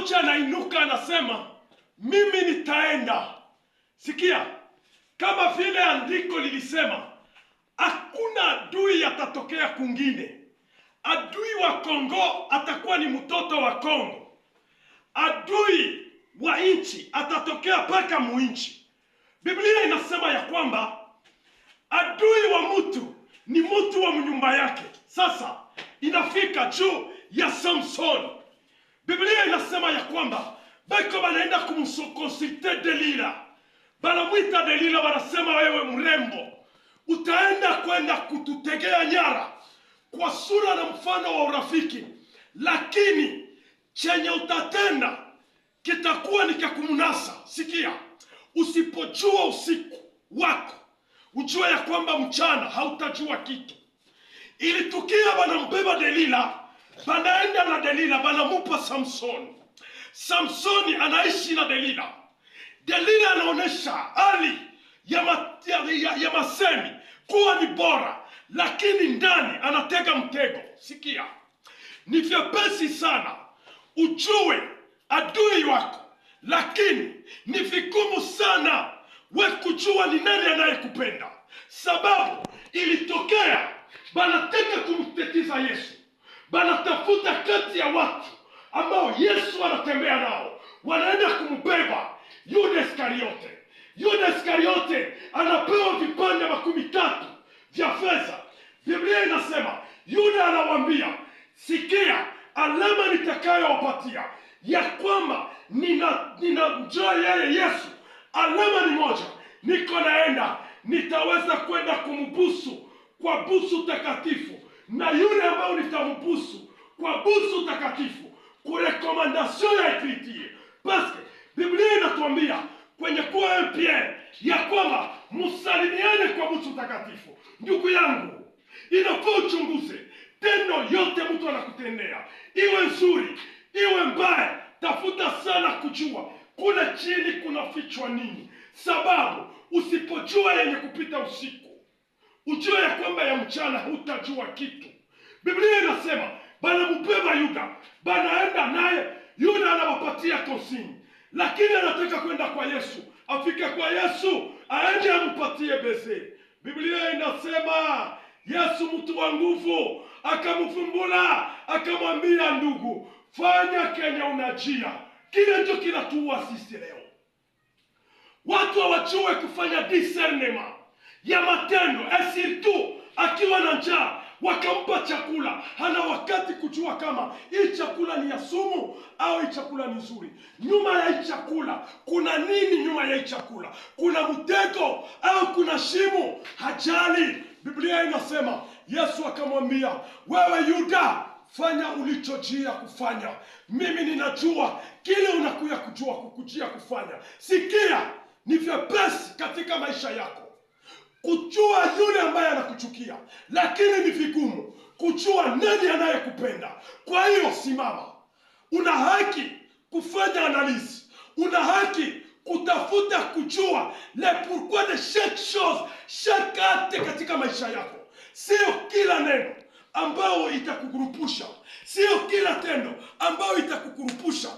mmoja anainuka anasema, mimi nitaenda. Sikia, kama vile andiko lilisema, hakuna adui atatokea kungine. Adui wa Kongo atakuwa ni mtoto wa Kongo, adui wa nchi atatokea paka muinchi. Biblia inasema ya kwamba adui wa mtu ni mtu wa mnyumba yake. Sasa inafika juu ya Samson Biblia inasema ya kwamba baiko banaenda kumsokonsite Delila, banamwita Delila, banasema wewe mrembo, utaenda kwenda kututegea nyara kwa sura na mfano wa urafiki, lakini chenye utatenda kitakuwa ni kakumunasa. Sikia, usipojua usiku wako ujua ya kwamba mchana hautajua kitu. Ilitukia banambeba Delila Banaenda na Delila, banamupa Samsoni. Samsoni anaishi na Delila. Delila anaonesha hali ya, ma, ya, ya, ya masemi kuwa ni bora, lakini ndani anatega mtego. Sikia, ni vyepesi sana ujue adui wako, lakini ni vigumu sana we kujua ni nani anayekupenda, sababu ilitokea banataka kumtetiza Yesu wanatafuta kati ya watu ambao Yesu anatembea nao, wanaenda kumbeba Yuda Iskariote. Yuda Iskariote anapewa vipande makumi tatu vya fedha. Biblia inasema Yuda anawaambia, sikia alama nitakayowapatia ya kwamba nina yeye Yesu. Alama ni moja, niko naenda, nitaweza kwenda kumbusu kwa busu takatifu na yule ambayo nitambusu kwa busu takatifu kurekomandasio ekritie paske Biblia inatuambia kwenye kuwa mpye ya kwamba msalimiane kwa busu takatifu. Ndugu yangu, inakuwa uchunguze tendo yote mtu anakutendea, iwe nzuri iwe mbaya, tafuta sana kujua kule chini kunafichwa nini, sababu usipojua yenye kupita usiku ujue ya kwamba ya mchana hutajua kitu. Biblia inasema banamubeba Yuda, banaenda naye. Yuda anawapatia kosini, lakini anataka kwenda kwa Yesu, afike kwa Yesu, aende ampatie bese. Biblia inasema Yesu mtu wa nguvu akamfumbula, akamwambia ndugu, fanya kenya unajia, kile ndio kinatuua sisi leo. Watu hawajue kufanya discernment ya matendo esitu akiwa na njaa wakampa chakula, hana wakati kujua kama hii chakula ni ya sumu au hii chakula ni nzuri. Nyuma ya hii chakula kuna nini? Nyuma ya hii chakula kuna mtego au kuna shimo? Hajali. Biblia inasema Yesu akamwambia, wewe Yuda, fanya ulichojia kufanya, mimi ninajua kile unakuya kujua kukujia kufanya. Sikia, ni vyepesi katika maisha yako Kujua yule ambaye anakuchukia, lakini ni vigumu kujua nani anayekupenda. Kwa hiyo simama, una haki kufanya analisi, una haki kutafuta kujua le pourquoi de chaque chose chaque acte katika maisha yako. Sio kila neno ambayo itakukurupusha, sio kila tendo ambayo itakukurupusha